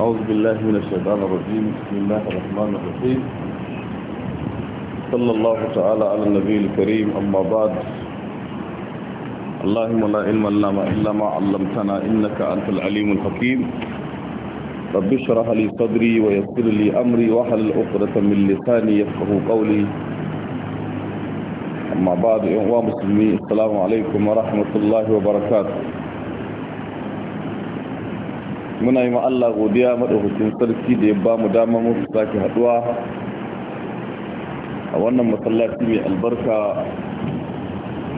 أعوذ بالله من الشيطان الرجيم بسم الله الرحمن الرحيم صلى الله تعالى على النبي الكريم أما بعد اللهم لا علم لنا إلا ما علمتنا إنك أنت العليم الحكيم رب اشرح لي صدري ويسر لي أمري وحل عقدة من لساني يفقه قولي أما بعد إخوان مسلمين السلام عليكم ورحمة الله وبركاته muna yi Allah godiya madaukakin sarki da ya ba mu dama musu sake haduwa a wannan masallaci mai albarka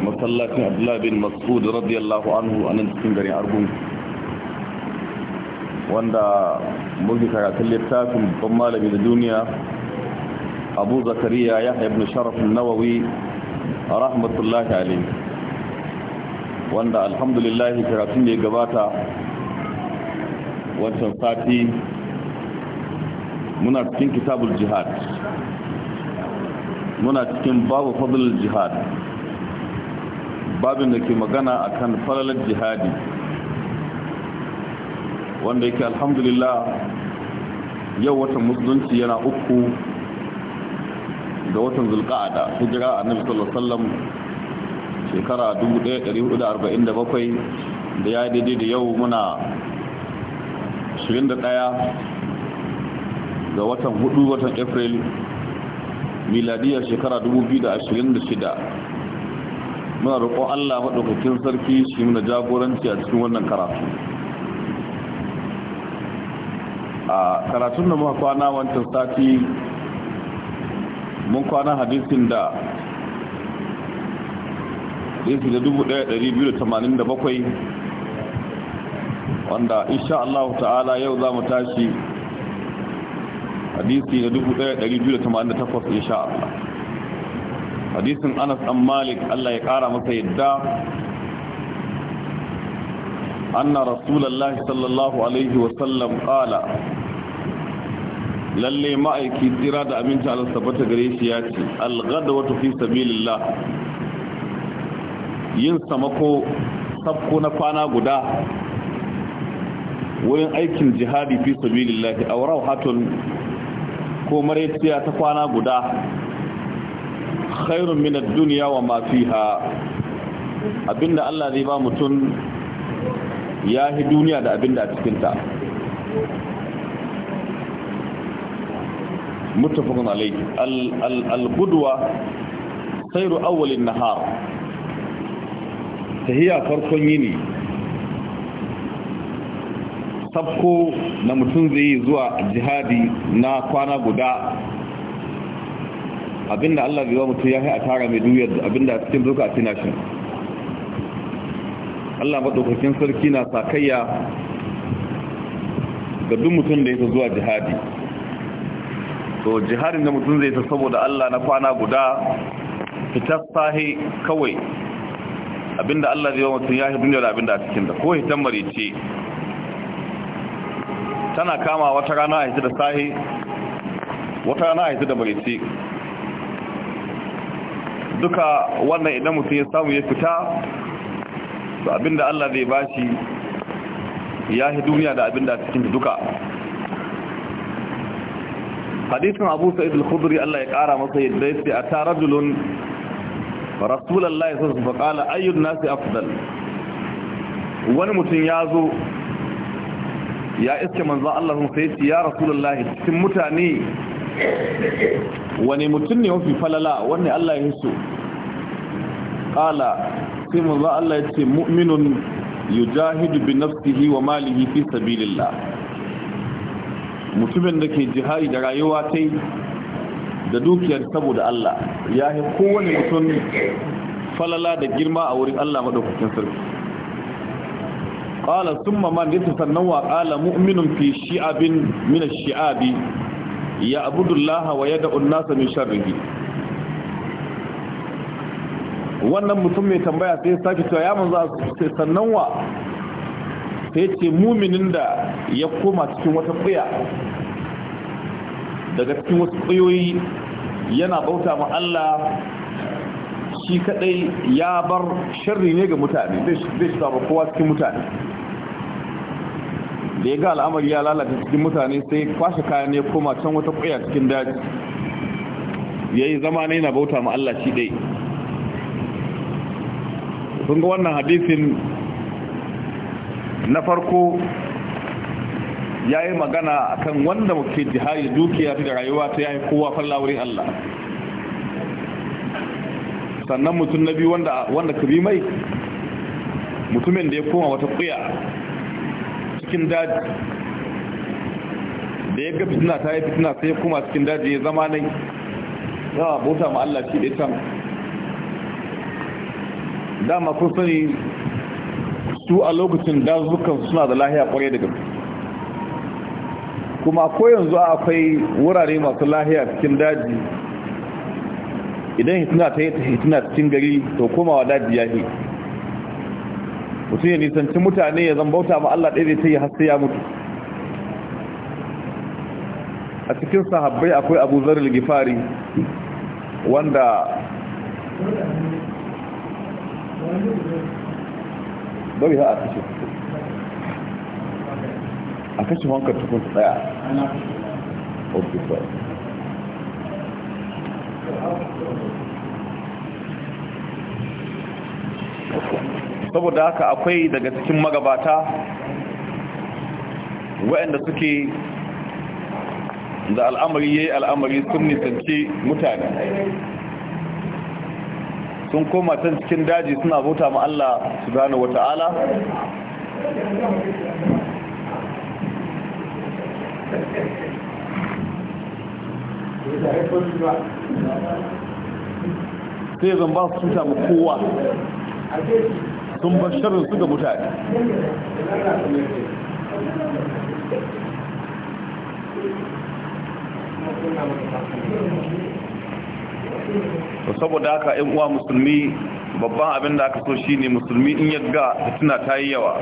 masallacin abdullahi bin masud radiyallahu anhu a nan cikin garin argun wanda muke karatun littafin babban malami da duniya abu zakariya ya ibn sharafin nawawi rahmatullahi alaihi wanda alhamdulillahi karatun da ya gabata wancan sati muna cikin kitabul jihad muna cikin babu fadlul jihad babin da ke magana akan falalar jihadi wanda yake alhamdulillah yau watan musulunci yana uku da watan zulqa'ada hijira annabi sallallahu alaihi wasallam shekara 1447 da ya daidai da yau muna 21 ga watan 4 watan april miladiyar shekara 2026 muna roƙon allah maɗaukakin sarki shi muna jagoranci a cikin wannan karatu a karatun da muka kwana wancan sati mun kwana hadisin da hadisi da 1287 wanda insha Allah ta'ala yau za mu tashi hadisi na 1288 insha Allah hadisin Anas dan Malik Allah ya kara masa yadda anna rasulullahi sallallahu alaihi wa sallam qala lalle ma'aiki tsira da aminci Allah tabbata gare shi ya ce al-ghadwatu fi sabilillah yin samako sabko na kwana guda wurin aikin jihadi fi sabilillahi aw rawhatun ko maraytiya ta kwana guda khairun min ad-dunya wa ma fiha abinda Allah zai ba mutum yahi duniya da abinda a cikin ta muttafaqun alayhi al-qudwa khairu awwal nahar tahiya farkon yini sabko na mutum zai yi zuwa jihadi na kwana guda abinda Allah bai wa mutum ya a tara mai duyar abinda cikin zuka a tinashin Allah maɗaukakin sarki na sakayya ga duk mutum da ya zuwa jihadi to jihadin da mutum zai ta saboda Allah na kwana guda fitar sahi kawai abinda Allah zai wa mutum ya yi duniya da abinda a cikin da ko hitan ce tana kama wata rana a da sahi wata rana a da barici duka wannan idan mutum ya samu ya fita to abinda Allah zai bashi ya yi duniya da abinda cikin duka hadisin abu sa'id al-khudri Allah ya kara masa yadda yace atarajulun rasulullahi sallallahu alaihi wasallam faƙala ayyun nasi afdal wani mutum ya zo ya iske manzo Allah sun sai ya rasulullah cikin mutane wani mutum ne mafi falala wanne Allah ya hiso qala sai manzo Allah ya ce mu'minun yujahidu bi nafsihi wa malihi fi sabilillah mutumin da ke jihari da rayuwa tai da dukiyar saboda Allah ya yi kowane mutum falala da girma a wurin Allah maɗaukakin sarki qala thumma man yasu sannan wa qala mu'minun fi shi'abin min ash-shi'abi ya'budu wa yad'u an-nasa min sharrihi wannan mutum mai tambaya sai sake cewa ya manzo sai sannan wa sai ce muminin da ya koma cikin wata kuya daga cikin wasu kuyoyi yana bauta ma Allah shi kadai ya bar sharri ne ga mutane zai shi saba kowa cikin mutane da ya ga al'amari ya lalata cikin mutane sai kwashe kayan ne koma can wata kwaya cikin daji ya yi zama ne na bauta ma Allah shi dai sun ga wannan hadisin na farko ya yi magana a kan wanda muke jihari dukiya da rayuwa ta yayi kowa falla wurin Allah sannan mutum na biyu wanda ka bi mai mutumin da ya koma wata kuya cikin daji da ya ga fitina ta yi fitina sai ya koma cikin daji ya zama nai yawa bauta ma Allah shi can dama kun sani su a lokacin dazukan suna da lahiya kwarai da gaske kuma ko yanzu akwai wurare masu lahiya cikin daji idan hituna ta yi hituna cikin gari to komawa daji ya yi mutum ya nisanci mutane ya zambauta ma Allah ɗaya zai ta yi har ya mutu a cikin sahabbai akwai abu zarar gifari wanda bari ha a kashe a kashe wankar tukun tsaya saboda haka akwai daga cikin magabata waɗanda suke da al'amari ya yi al'amari sun nisanci mutane sun koma can cikin daji suna bauta ma Allah subhanahu wata'ala Thank you. sai zan ba su cuta ma kowa sun bar sharrin su ga mutane to saboda haka ƴan uwa musulmi babban abin da aka so shine musulmi in yagga fitina ta yi yawa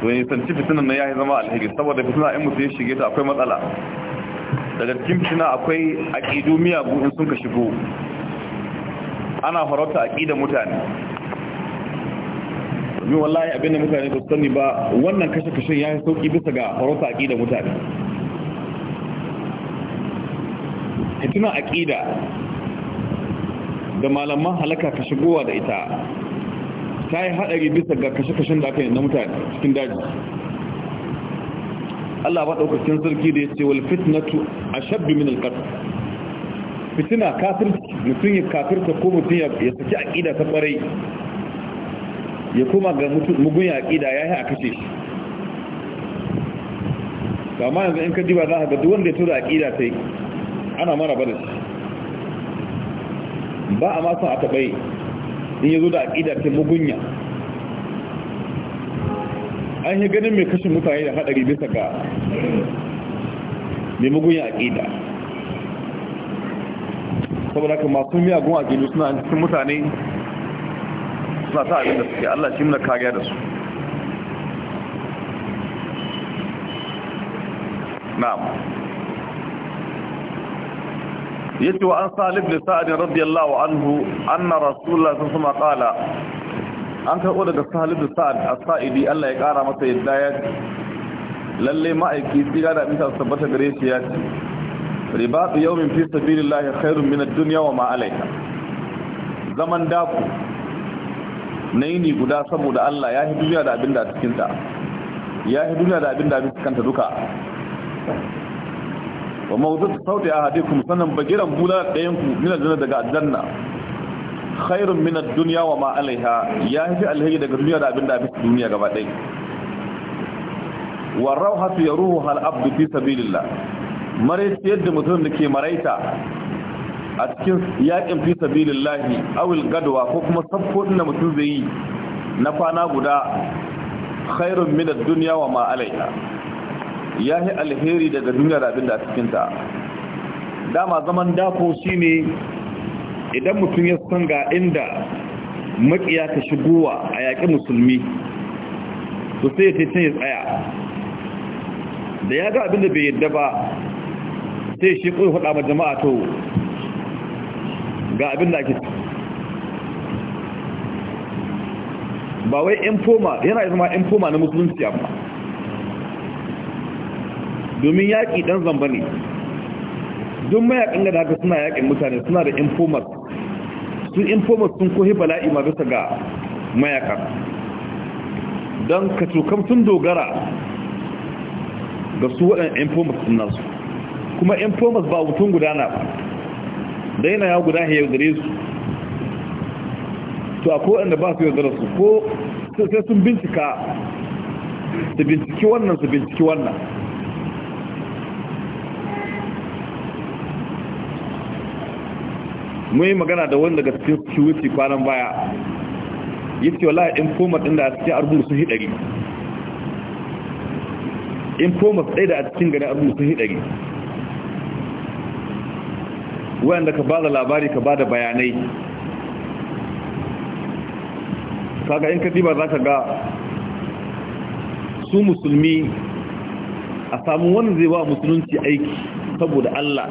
to ne santi fitinan na yi zama alheri saboda fitina in musu ya shige ta akwai matsala daga cikin akwai aƙidu miyagu in sun ka shigo ana farauta aƙida mutane domin wallahi abin da mutane ba sani ba wannan kashe kashe ya yi sauƙi bisa ga farauta aƙida mutane fitinan aƙida da malaman halaka ka shigowa da ita ta yi haɗari bisa ga kashe-kashen da aka yi na mutane cikin daji Allah ba daukakin sarki da yace wal fitnatu ashabbi min al qatl fitina kafir mutum ya kafirta ko mutum ya saki aqida ta kwarai ya kuma ga mugun ya aqida yayi a kace shi amma yanzu in ka diba za ka ga duk wanda ya tura aqida sai ana mara bada shi ba a ma son a tabai in yazo da aqida ta mugunya an yi ganin mai kashin mutane da haɗari bisa ga mai mugun aƙida saboda haka masu miyagun aƙidu suna an cikin mutane suna ta abin da suke allah shi muna kariya da su na'am yace wa an salib da sa'adin radiyallahu anhu na rasulullah sallallahu alaihi wasallam qala an karɓo daga sahalibu sa'ad a sa'idi allah ya ƙara masa yadda ya Lallai ma'aiki tsira da abinta tabbata gare shi ya ce ribatu yawmin fi sabilillahi khairun min ad-dunya wa ma alayha zaman daku naini guda saboda allah ya yi duniya da abinda a cikinta, ya yi duniya da abinda a cikin ta duka wa mawdu'u sauti ahadikum sanan bagiran bula dayan ku min aljanna daga aljanna khairun min ad-dunya wa ma alaiha ya fi alheri daga duniya da abin da abin duniya gaba dai wa rawhatu yaruhu hal abdu fi sabilillah maraita yadda mutum da ke maraita a cikin yaƙin fi sabilillah awil gadwa ko kuma sabkodin da mutum zai yi na kwana guda khairun min ad-dunya wa ma alaiha ya fi alheri daga duniya da abin da cikin ta dama zaman dako shine idan mutum ya san ga inda makiya ta shigowa a yaƙi musulmi to sai ya taitan ya tsaya da ya ga abinda bai yadda ba sai shi ƙuri faɗa ma jama'a to ga abinda ake ba wai infoma yana zama infoma na musulunci amma domin yaƙi ɗan zamba ne don mayaƙin da haka suna yaƙin mutane suna da informat sun informers sun kohe bala'i ma bisa ga mayakan don ka cokam sun dogara ga su waɗanda informers sun nasu kuma informers ba mutum gudana ba daina ya guda ya yaudare su to a kowanda ba su yaudare su ko sai sun bincika su binciki wannan su binciki wannan mun yi magana da wanda daga cikin security kwanan baya ya ce wala in ɗin da a cikin argun sun hidari informat ɗai da a cikin gani argun sun hidari wayanda ka ba da labari ka ba da bayanai kaga in ka za ka ga su musulmi a samu wani zai ba musulunci aiki saboda Allah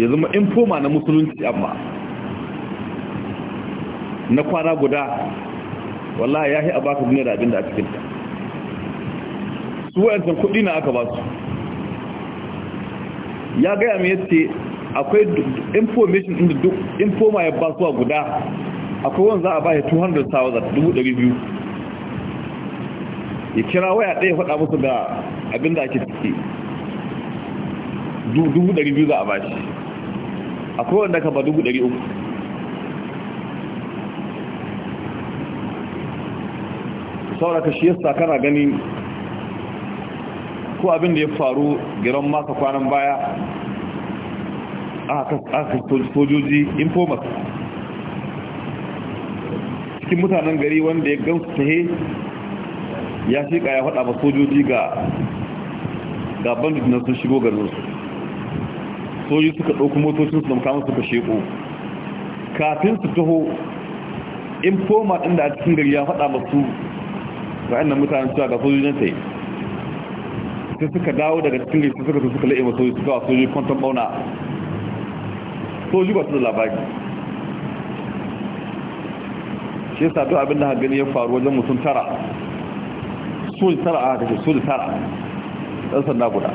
ya zama infoma na musulunci amma na kwana guda wallahi ya yi a baka duniya da abinda a a cikinta su wa'yansan kudi na aka ba su ya gaya mai yadda akwai information inda duk infoma ya ba su guda akwai wani za a ba ya 200,000 ya kira waya ɗaya faɗa musu da abinda ake ciki 200,000 za a ba shi akwai wanda ka ba dubu ɗari uku saboda ka shi yasa kana gani ko abin da ya faru giran maka kwanan baya aka sojoji informat cikin mutanen gari wanda ya gansu ta ya shi ya faɗa ba sojoji ga gaban da sun shigo garinsu soji suka ɗauki motocin su da makamun suka sheko kafin su taho in koma ɗin da a cikin gari ya faɗa masu ra'ayin mutane cewa ga soji ta yi sai suka dawo daga cikin gari suka suka la'ima soji suka wa soji kwanton ɓauna soji ba su da labari shi yasa duk abin da ha gani ya faru wajen mutum tara soji tara a haka ce soji tara ɗan sanda guda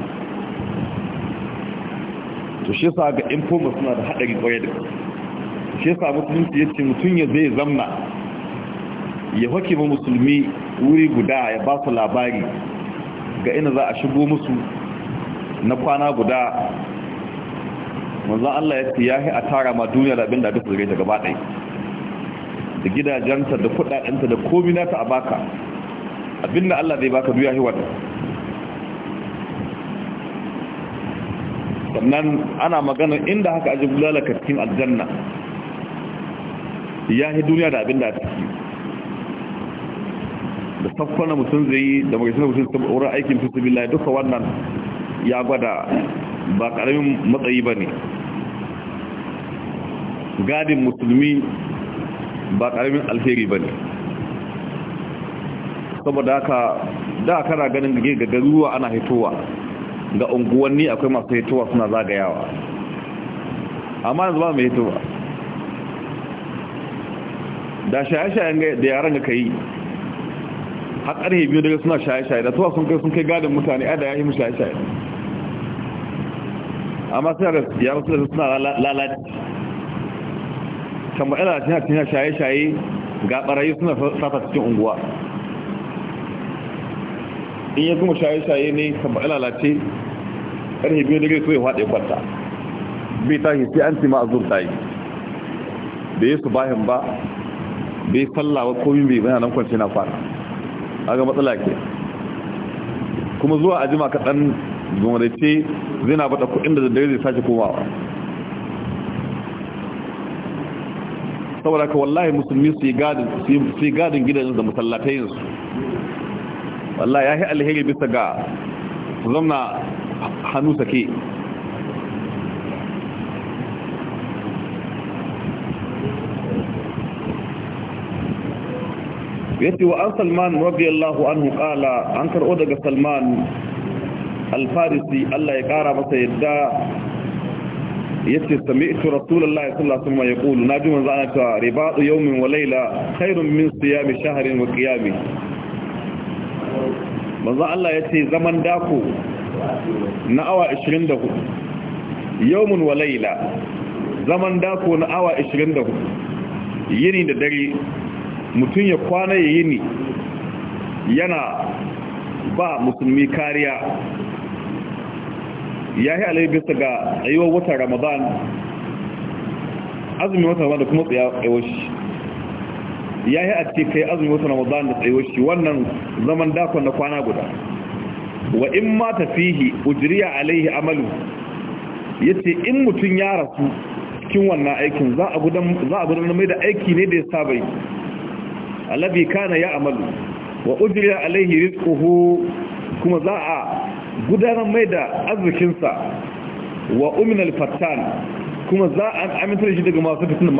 to shi yasa ga informa suna da haɗari ƙwaye da shi yasa musulunci ya ce mutum ya zai zamna ya hake ma musulmi wuri guda ya ba su labari ga ina za a shigo musu na kwana guda manzan Allah ya ce ya yi a tara ma duniya da abin da duk tsirrai daga ba ɗai da gidajenta da kudadenta da komina ta a baka abin da Allah zai baka ya yi wadda sannan ana magana inda haka aji bulala cikin aljanna ya yi duniya da abin da ciki da safkwana mutum zai yi da magasin mutum ta wurin aikin fi sabila duka wannan ya gwada ba karamin matsayi ba ne gadin musulmi ba karamin alheri ba ne saboda haka da kana ganin gage ana hitowa ga unguwanni akwai masu hituwa suna zagayawa amma yanzu ba mai hitowa da shaye-shayen da yaran ga yi har ƙarfe biyu daga suna shaye-shaye da tuwa sun kai sun kai gadin mutane ada ya yi mu shaye-shaye amma suna da yaran suna suna lalaci kan ba ina da shaye-shaye ga ɓarayi suna sata cikin unguwa in ya kuma shaye-shaye ne kamar lalace ƙarfi biyu da gaisu ya faɗe kwanta bai tashi sai an ce a zurta yi Da yi su bayan ba bai sallawa komin bai nan kwanci na fara. a ga matsala ke kuma zuwa a jima kaɗan zumarace zai na bata kuɗin da daddare zai sace komawa saboda ka wallahi musulmi su yi gadin gidajen da masallatayensu wallah ya yi alheri bisa ga su zamna hannu sake yace wa an salman radiyallahu anhu qala an karɓo daga salman alfarisi Allah ya kara masa yadda yace sami'tu rasulullahi sallallahu alaihi wasallam yaqulu nabi manzo ana cewa ribatu yawmin wa layla khairun min siyami shahrin wa qiyami manzo Allah ya ce zaman dako na awa 24 yawmun wa laila zaman dako na awa 24 yini da dare mutum ya kwana ya yini yana ba musulmi kariya ya yi alayi bisa ga ayyuwar watan ramadan azumin watan ramadan da kuma tsayawar shi ya yi a ce kai azumi wata ramadan da tsayuwa shi wannan zaman dakon na kwana guda wa in ma tafihi ujriya alaihi amalu ya ce in mutum ya rasu cikin wannan aikin za a gudan mai da aiki ne da ya saba yi alabi kana ya amalu wa ujriya alaihi rizkuhu kuma za a gudanar mai da arzikinsa wa uminal fatan kuma za a amintar shi daga masu fitin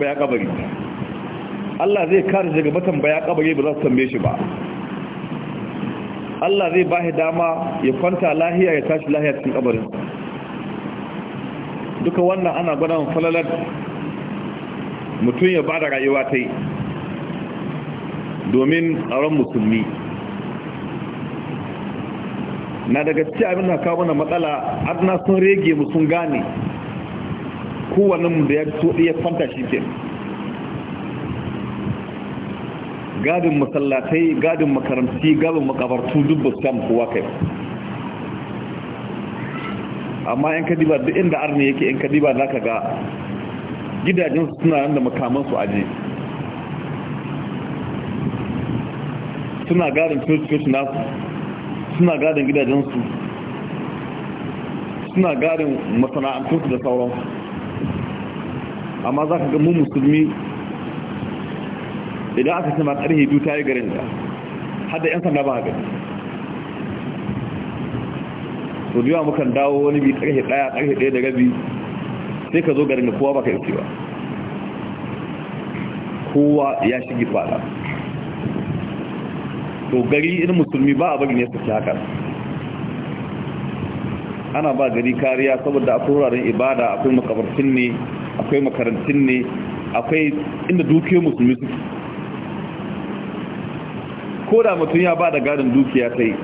bayan kabari Allah zai kare daga matambaya kabari ba za su tambaye shi ba Allah zai ba dama ya kwanta lahiya ya tashi lahiya cikin kabarin duka wannan ana gwada falalar mutum ya bada rayuwa ta yi domin tsaron musulmi na daga ci abin da kawo mana matsala adana sun rege mu sun gane kowannen da ya so iya kwanta shi kenan gadin masallatai gadin makaranti gadin makabartu duk ba su samu kowa kai amma yan kadiba duk inda arni yake yan kadiba za ka ga gidajen suna nan da makamansu aji suna gadin coci-coci nasu suna gadin su, suna gadin masana'antunsu da sauransu amma za ka ga mu musulmi idan aka sama karhe biyu ta yi garin da hada yan sanda ba a gani to biya mukan dawo wani bi karhe daya karhe daya da rabi sai ka zo garin da kowa ba ka yi ba kowa ya shige fada to gari in musulmi ba a bari ne su haka ana ba gari kariya saboda a kuraren ibada akwai makabartin ne akwai makarantun ne akwai inda dukiyar musulmi suke ko da mutum ya ba da gadin dukiya sai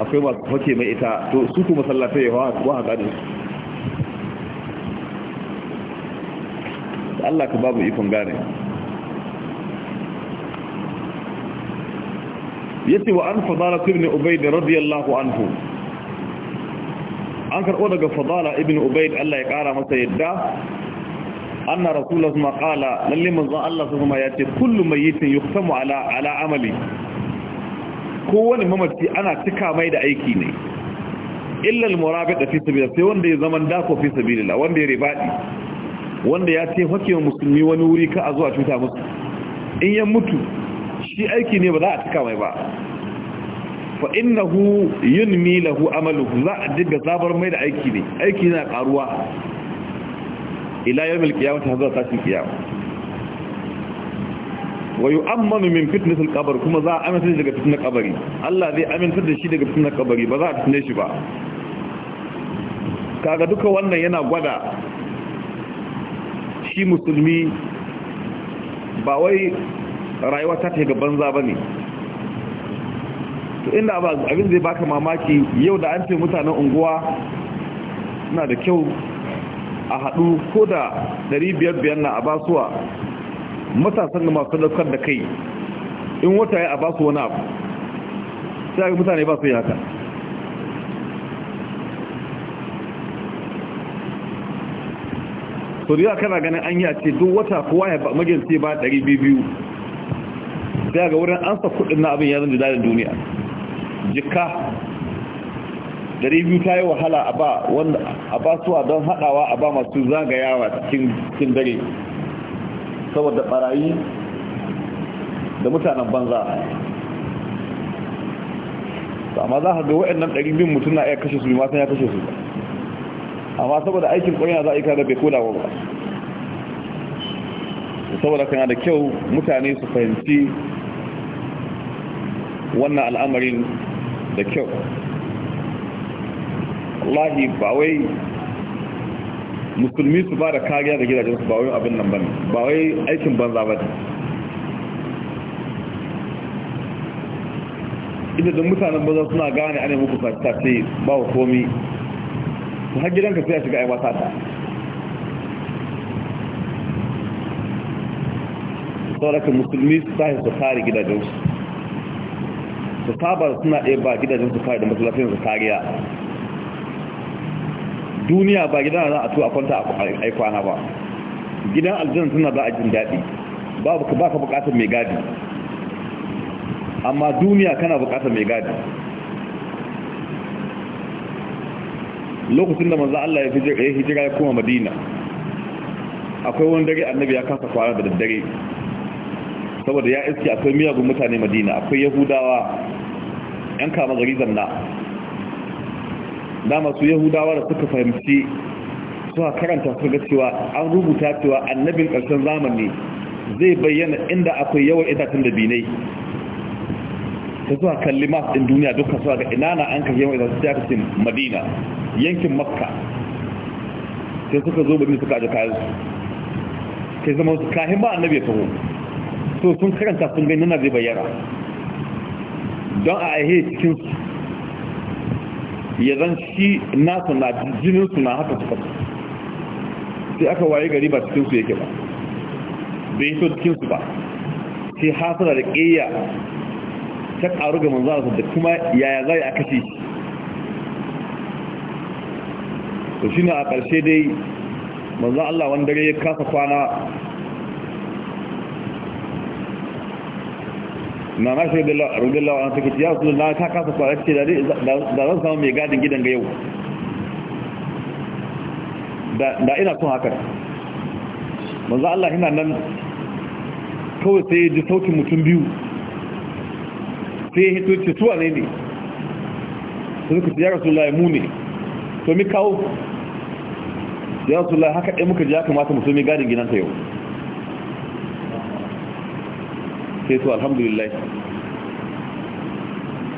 akwai masu hake mai ita to su kuma sallatai ya wa gadon su Allah ka babu ikon gane Ya ce wa an fadala ibn ubayd radiyallahu anhu an karɓo daga fadala ibn ubayd Allah ya ƙara masa yadda na rasu kuma qala lalle manzon Allah kuma yace kullu mayitin yuhtamu ala ala amali kowane mamaci ana cika mai da aiki ne illal murabita fi sabila sai wanda ya zaman dako fi sabilillah wanda ya ribadi wanda ya ce hake musulmi wani wuri ka a zuwa cuta musu in ya mutu shi aiki ne ba za a cika mai ba fa innahu yunmi lahu amaluhu za a diga zabar mai da aiki ne aiki na karuwa ila yawmil qiyamah hazza tashin qiyamah wa yu'ammanu min fitnatil qabr kuma za a amince daga fitnar kabari Allah zai amince da shi daga fitnar kabari ba za a shi ba kaga duka wannan yana gwada shi musulmi ba wai rayuwa ta ta ga banza bane to inda ba abin zai baka mamaki yau da an ce mutanen unguwa na da kyau a haɗu ko da 500 na a basuwa matasan da masu daukar da kai in wata ya a ba su wani abu sai aka mutane ba su yi haka so da kana ganin an yi a ce duk wata kowa ya majalci ba 200 sai ga wurin ansa kudin na abin yanzu da duniya jika 200 ta yi wahala a ba suwa don haɗawa a ba masu zagayawa cikin dare saboda barayi da mutanen banza amma za ka ga waɗannan ɗari bin mutum na iya kashe su bi matan ya kashe su amma saboda aikin ƙwarya za a yi kada bai koda ba saboda kana da kyau mutane su fahimci wannan al'amarin da kyau wallahi ba wai musulmi su ba da kariya da gidajen su ba wani abin nan bane ba wai aikin banza ba Inda da mutanen banza suna gane ana muku ce ba wa komi su har gidanka sai a shiga aiwata ta sauraka musulmi su tashi su kare gidajensu su saba suna ɗaya ba gidajensu kare da masalafin su kariya duniya ba gidan za a tu a kwanta a kwana ba gidan aljanna suna za a jin daɗi babu ka buƙatar bukatar mai gadi amma duniya kana bukatar mai gadi lokacin da manza Allah ya hijira ya kuma Madina akwai wani dare annabi ya kasa kwana da daddare saboda ya iske akwai miyagun mutane Madina akwai Yahudawa yan kama zarizan na. da masu yahudawa da suka fahimci suka karanta suka cewa an rubuta cewa annabin ƙarshen zamani zai bayyana inda akwai yawan itatun da binai ta zuwa kalli masu ɗin duniya duka suwa ga ina na an kashe yawan itatun da aka madina yankin makka sai suka zo birni suka ajiye kayan su sai zama su kahin ba annabi ya taho so sun karanta sun gani nuna zai bayyana don a aihe cikinsu ya zan shi nasu na jininsu na haka suka sai aka waye gari ba cikinsu yake ba bai so cikinsu ba sai hasara da ƙeya ta ƙaru ga manzanarsa da kuma yaya zai a kashe shi to shi a ƙarshe dai manzan Allah wanda ya kasa kwana na na shi radiyallahu an take ya rasul na kasa fara ce da da zan samu mai gadin gidan ga yau da ina son haka manzo Allah yana nan kawai sai ji sautin mutum biyu sai ya hito ce tuwa ne ne sai suka ya rasu lai mu ne to mi kawo ya rasu lai haka ɗaya muka ji ya kamata mai gadin ta yau sai su alhamdulillah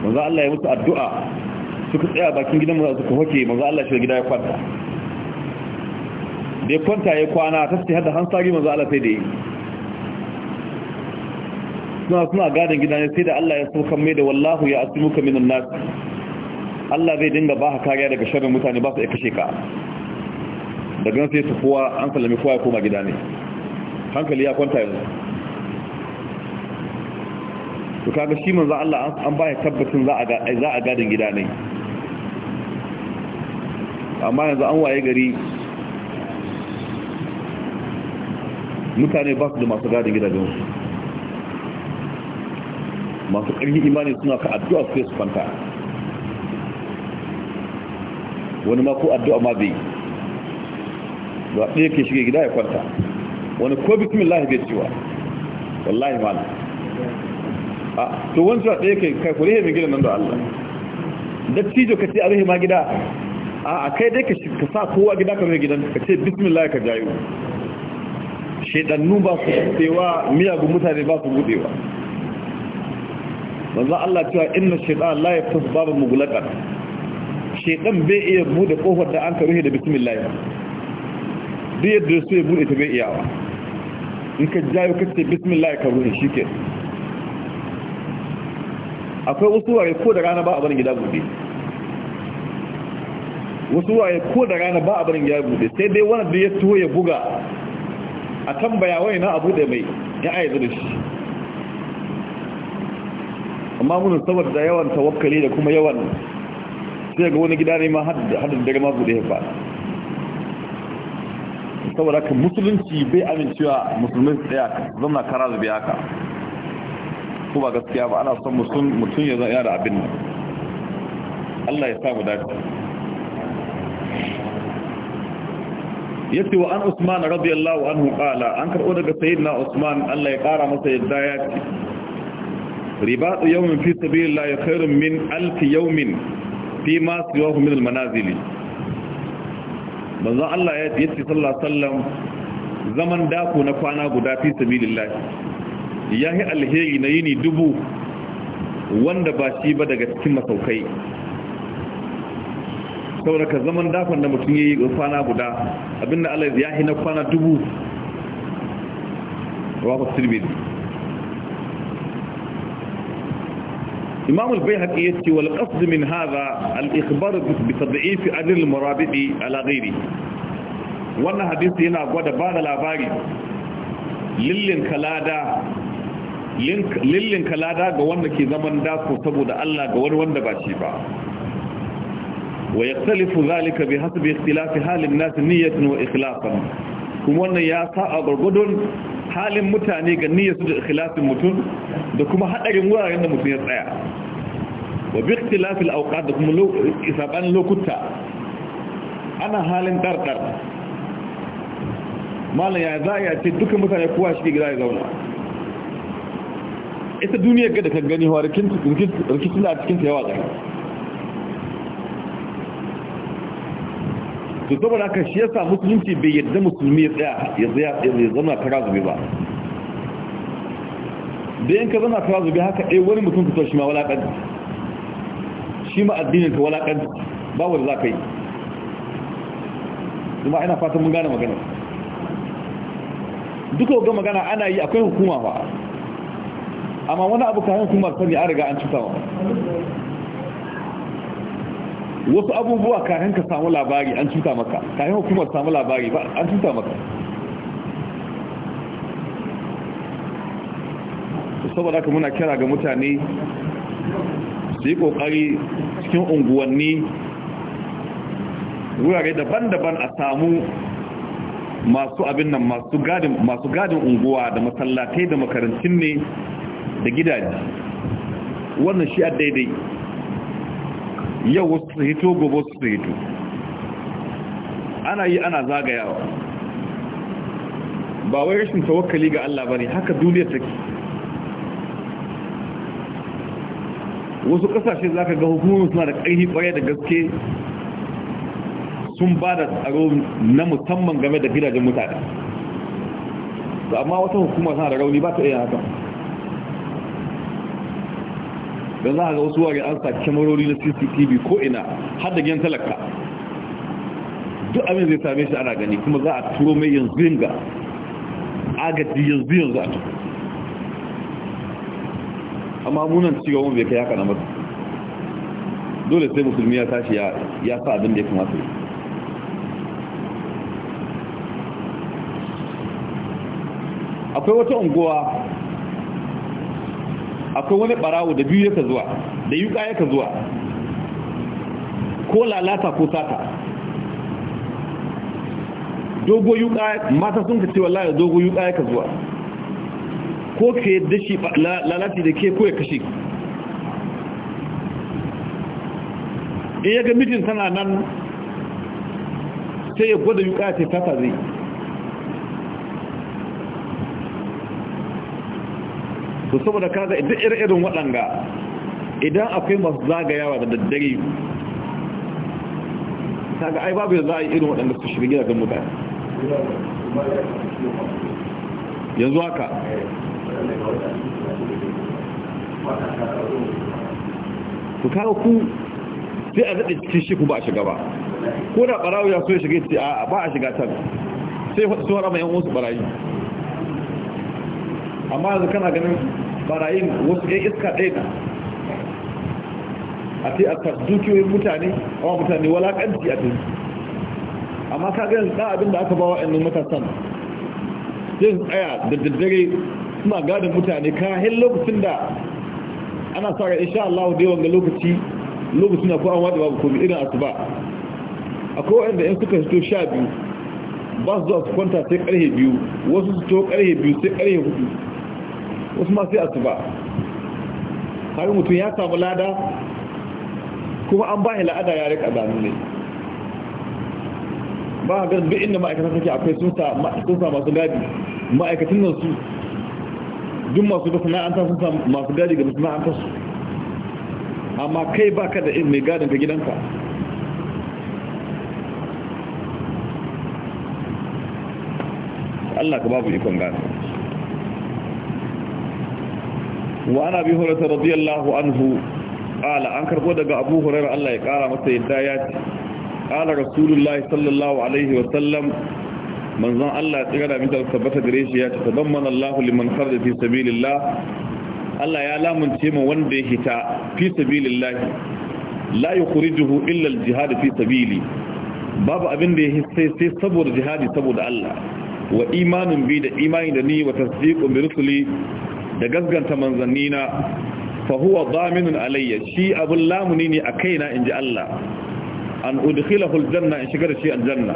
manzo Allah ya mutu addu'a suka tsaya bakin gidan mu suka hoke Maza Allah shi gida ya kwanta da ya kwanta ya kwana ta ce hada hansari maza Allah sai da yi suna suna gadon gida ne sai da Allah ya sauka mai da wallahu ya asimuka minan nasi. Allah zai dinga ba ka kariya daga shabin mutane ba su ya kashe ka daga nan sai su kowa an salami kowa ya koma gida ne hankali ya kwanta yanzu su kaga shi manzo Allah an baya tabbacin za a ga za a gadin gida ne amma yanzu an waye gari mutane ba su da masu gadin gidajen su masu ƙarfi imani suna ka addu'a su su kwanta wani ma ko addu'a ma bai ba ɗaya ke shige gida ya kwanta wani ko lahi bai ciwa wallahi malam a to wancan ɗaya kai kai ku rihe mai gidan nan da Allah dattijo ka ce a rahima ma gida a kai dai ka sa kowa gida ka rihe gidan ka ce bismillah ka jayo shaidannu ba su tsewa miyagun mutane ba su buɗewa wanzan Allah cewa inna shaytan la yaftahu babu mugulaka shaidan bai iya bude kofar da an karuhe da bismillah duk yadda su ya bude ta bai iyawa in ka jayo ce bismillah ka ruhe ke akwai wasu waye ko da rana ba a barin gida bude wasu waye ko da rana ba a barin gida bude sai dai wanda da ya tuho ya buga a tambaya wai na abu da mai ya aizu da shi amma mun saboda yawan tawakkali da kuma yawan sai ga wani gida ne ma hadda dare ma bude ya fara saboda ka musulunci bai amincewa musulmai tsaya zama kara zubi haka ko ba gaskiya ba ana son mutum mutum ya zama da abin nan Allah ya sa samu dace yace wa an Usman radiyallahu anhu qala an karbo daga sayyidina Usman Allah ya kara masa yadda ya ce ribatu yawmin fi sabilillahi khairun min alf yawmin fi ma siwahu min almanazil manzo Allah ya ce sallallahu alaihi wasallam zaman dako na kwana guda fi sabilillahi ya yi alheri na yini dubu wanda ba shi ba daga cikin masaukai sauraka zaman dafan da mutum ya yi kwana guda abinda allah ya yi na kwana dubu rafa sirbin imam al-bayhaqi yace wal qasd min hadha al-ikhbar bi tad'if adl al-murabidi ala ghairi wannan hadisi yana gwada ba da labari lillin kalada lillinka lada ga wanda ke zaman dako saboda Allah ga wani wanda ba shi ba wa tsalifu zalika bi bai ikhtilafi halin nas niyyatin wa ikhlafan kuma wannan ya sa a gwargwadon halin mutane ga niyyatin da ikhlasin mutum da kuma haɗarin wuraren da mutum ya tsaya wa bi ikhtilafi auka da kuma isaɓan lokuta ana halin ɗarɗar malam ya za a ce dukkan mutane kowa shi gida ya zauna ita duniyar ga da kan gani wa rikicin a cikin yawa gani zama da kan shi ya sa musulunci bai yadda musulmi ya tsaya ya zama ta zube ba da yanka zama ta zube haka ɗai eh, wani mutum fito shi ma walaƙanci shi ma addinin ka walaƙanci ba wanda za ka yi kuma ina fatan mun gane magana duka ga magana ana yi akwai hukuma ba amma wani abu kayan kuma masu sani a riga an cutawa wasu abubuwa kayan ka samu labari an cuta maka kayan hukumar samu labari ba an cuta maka saboda ka muna kira ga mutane su yi kokari cikin unguwanni wurare daban-daban a samu masu abin nan masu gadin unguwa da masallatai da makarantun ne da gidaje wannan shi a daidai yau wasu su hito gobe wasu su hito ana yi ana zagayawa ba wai rashin tawakkali ga Allah ba ne haka duniya take wasu kasashe za ka ga hukumar suna da ƙarfi ƙwarai da gaske sun ba da tsaro na musamman game da gidajen mutane amma wata hukumar suna da rauni ba ta iya haka da za a ga wasu wari an sa kyamarori na cctv ko ina har da talaka duk abin zai same shi ana gani kuma za a turo mai yanzu yanga agaji yanzu yanzu a turo amma munan ci gaban bai kai haka na mata dole sai musulmi ya tashi ya sa abin da ya kamata yi akwai wata unguwa akwai wani barawo da biyu yaka zuwa da yuka yaka zuwa ko lalata ko sata dogo yuka mata sun ka cewa wallahi dogo yuka yaka zuwa ko ka yadda shi lalata da ke ko ya kashe in yaga mijin tana nan sai ya gwada yuka ya ce sata zai to saboda kaza duk irin waɗanga idan akwai masu zagayawa da daddare ga ai babu yanzu a yi irin waɗanda su shiga da mutane yanzu haka ku kawo ku sai a zaɗe cikin shi ku ba a shiga ba ko da ɓarawo ya so ya shiga ce a ba a shiga can sai su hara mai yan wasu ɓarayi amma yanzu kana ganin barayin wasu ɗaya iska ɗaya na a ce a dukiyoyin mutane amma mutane walakanci a tun amma ka gani ɗan abin da aka ba ɗan matasan sai tsaya da daddare suna gadin mutane kayan lokacin da ana sa in sha Allah da yawan ga lokaci lokacin na kowa waɗe babu komi irin asuba akwai da in suka fito sha biyu ba su zuwa su kwanta sai karhe biyu wasu su to karhe biyu sai karhe hudu wasu masu yi ba har mutum ya samu lada kuma an bahi la'ada ya rika zanen ne ba a gan duk inda ma'aikata suke akwai sun sa masu gadi ma'aikatan nan su duk masu da sana'anta sun sa masu gadi ga an su amma kai ba ka da mai gadon ka gidanka Allah ka babu ikon gani wani abin hulata radiyallahu anhu ala an karbo daga abu hurairu allah ya kara masa yadda ya ce ala rasulullahi sallallahu alaihi wasallam manzan allah ya tsira da mita da tabbata gare ya ce ta ban man allahu liman farda fi sabilillah allah ya lamance min wanda ya hita fi sabilillah la yukhrijuhu illa aljihad fi sabili babu abin da ya hisse sai saboda jihadi saboda allah wa imanin bi da imani da ni wa tasdiqun bi da gaskanta na fa huwa daminun alayya shi abun lamuni ne a kaina ji Allah an udkhilahu aljanna in shigar shi aljanna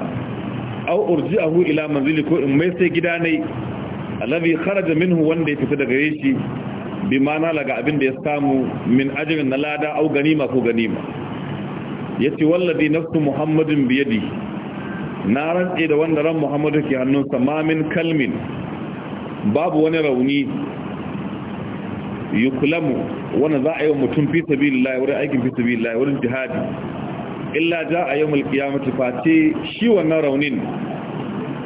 aw urji'ahu ila manzili ko in mai sai gida ne alladhi kharaja minhu wanda ya fita daga yashi bi mana laga abin da ya samu min ajrin na lada aw ganima ko ganima yace walladhi nafsu muhammadin bi yadi na rantse da wanda ran muhammadu ke hannunsa ma min kalmin babu wani rauni yuklamu wani za a yi wa mutum fi sabilillah wurin aikin fi sabilillah wurin jihadi illa ja a wa qiyamati face shi wannan raunin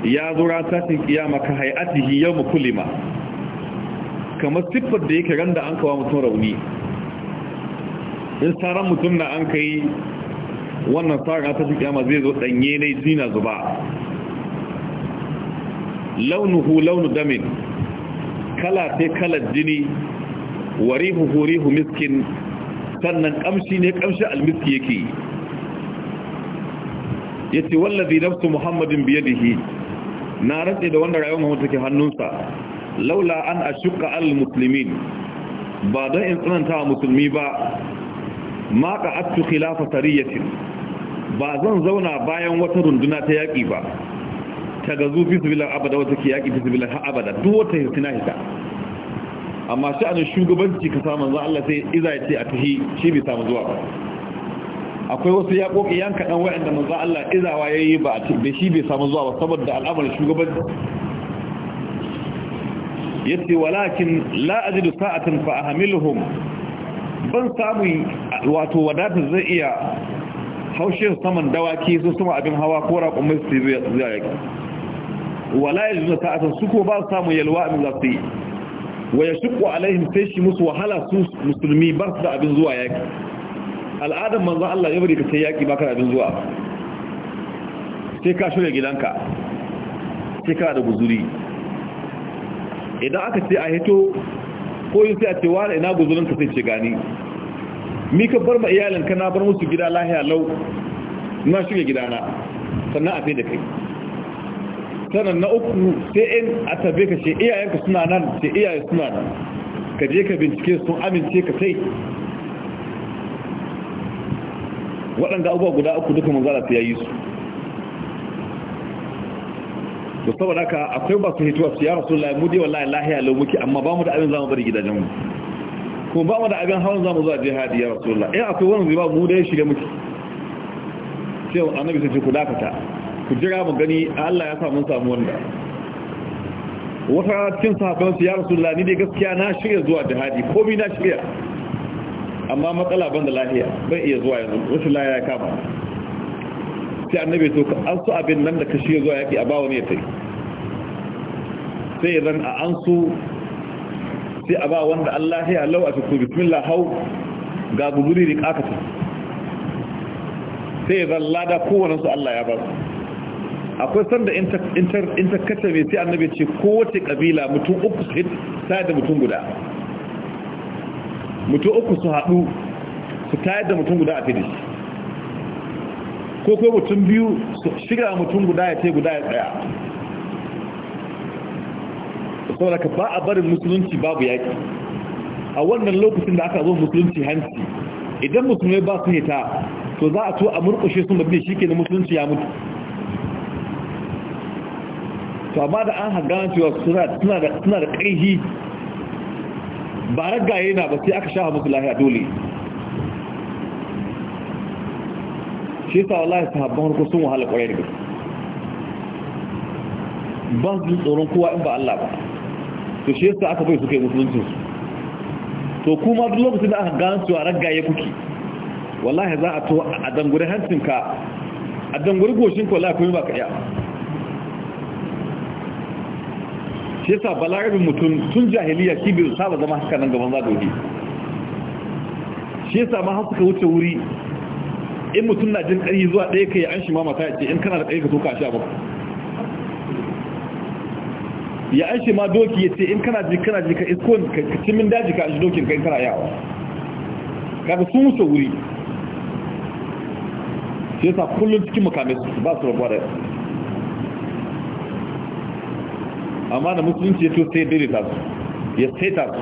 ya zura sashen kiyama ka hay'atihi mu kulima kamar siffar da yake randa an kawo mutum rauni in tsaron mutum na an kai wannan tsarin ta kiyama zai zo danye na zina zuba launuhu launu damin kala sai kalar jini warihu horihu miskin sannan kamshi ne kamshi almiski yake yi ya ce wallazi nafsu muhammadin da na rantse da wanda rayuwar muhammadu ke hannunsa laula an a shuka al musulmi ba don in tsananta wa musulmi ba ma ka attu khilafa tariyatin ba zan zauna bayan wata runduna ta yaƙi ba ta gazu fi su bilan abada wata ke yaƙi fi su bilan abada duk wata hirtina hita amma shi sha'anin shugabanci ka samu zuwa Allah sai iza ya ce a tahi shi bai samu zuwa ba akwai wasu ya koki yanka dan da manzo Allah izawa yayi ba a da shi bai samu zuwa ba saboda al'amarin shugabanci yace walakin la ajidu sa'atan fa ahmiluhum ban samu wato wadatar zai iya haushe saman dawaki su sama abin hawa ko raƙumai su zai yaki wala yanzu sa'atan su ko ba samu yalwa amin za su yi wa yashqu alaihim sai shi musu wahala su musulmi ba su da abin zuwa yaki al'adar manzo Allah ya bari ka sai yaki baka ka abin zuwa sai ka shirya gidanka sai ka da guzuri idan aka ce a hito ko yin sai a ce wani ina guzurin ka sai ce gani mi ka bar ma iyalinka na bar musu gida lahiya lau na shirya gidana sannan a fi da kai sanan na uku sai in a tabe ka ce iyayenka suna nan ce iyayen suna nan ka je ka bincike sun amince ka sai waɗanda abuwa guda uku duka manzala ta yayi su to saboda haka akwai ba su hituwa su ya lai mu dai lai lahiya lau muke amma ba mu da abin zama bari gidajen mu kuma ba mu da abin hawan zama zuwa jihadi ya rasulullahi eh akwai wani zai mu da ya shiga muke sai annabi sai ku dakata ku jira mu gani Allah ya sa mun samu wanda wata cikin sahabban su ya rasulullah ni dai gaskiya na shirya zuwa jihadi komai na shirya amma matsala ban da lahiya ban iya zuwa yanzu rashin lahiya ya kama sai annabi to ka an su abin nan da ka shirya zuwa yaki a ba ne ya tai sai zan a an su sai a ba wanda Allah ya lau a cikin bismillah hau ga guguri da kakata sai zan lada kowane su Allah ya ba su akwai sanda in ta sai annabi ce kowace kabila mutum uku su tayar da mutum guda mutum uku su haɗu su tayar da mutum guda a fidi ko kai mutum biyu su shiga mutum guda ya ce guda ya tsaya saboda ka ba a barin musulunci babu yaƙi a wannan lokacin da aka zo musulunci hanci idan musulmai ba su hita to za a to a murƙushe sun babbe shi ke na musulunci ya mutu to amma da an hangana cewa suna da ƙarfi ba ragaye na ba sai aka sha musu lahiya dole shi sa wallahi sahabban harkar sun wahala ƙwarai da gaske ba su tsoron kowa in ba Allah ba to shi yasa aka bai suka yi musuluncin su to kuma duk lokacin da aka gano su a ragaye kuki wallahi za a to a dangure hancinka a dangure goshinka wallahi kuma ba ka iya shi yasa balarabin mutum tun jahiliya shi bai saba zama haka nan gaban doki shi yasa ma har suka wuce wuri in mutum na jin ƙarfi zuwa ɗaya kai an shi ma mata ya ce in kana da ƙarfi ka ka shi a baka ya an shi ma doki ya ce in kana ji kana ji ka isko ka cimin daji ka an shi dokin ka in kana yawa kaga sun wuce wuri shi yasa kullum cikin makamai ba su rabuwa da amma da musulunci ya to sai daidaita su ya ta su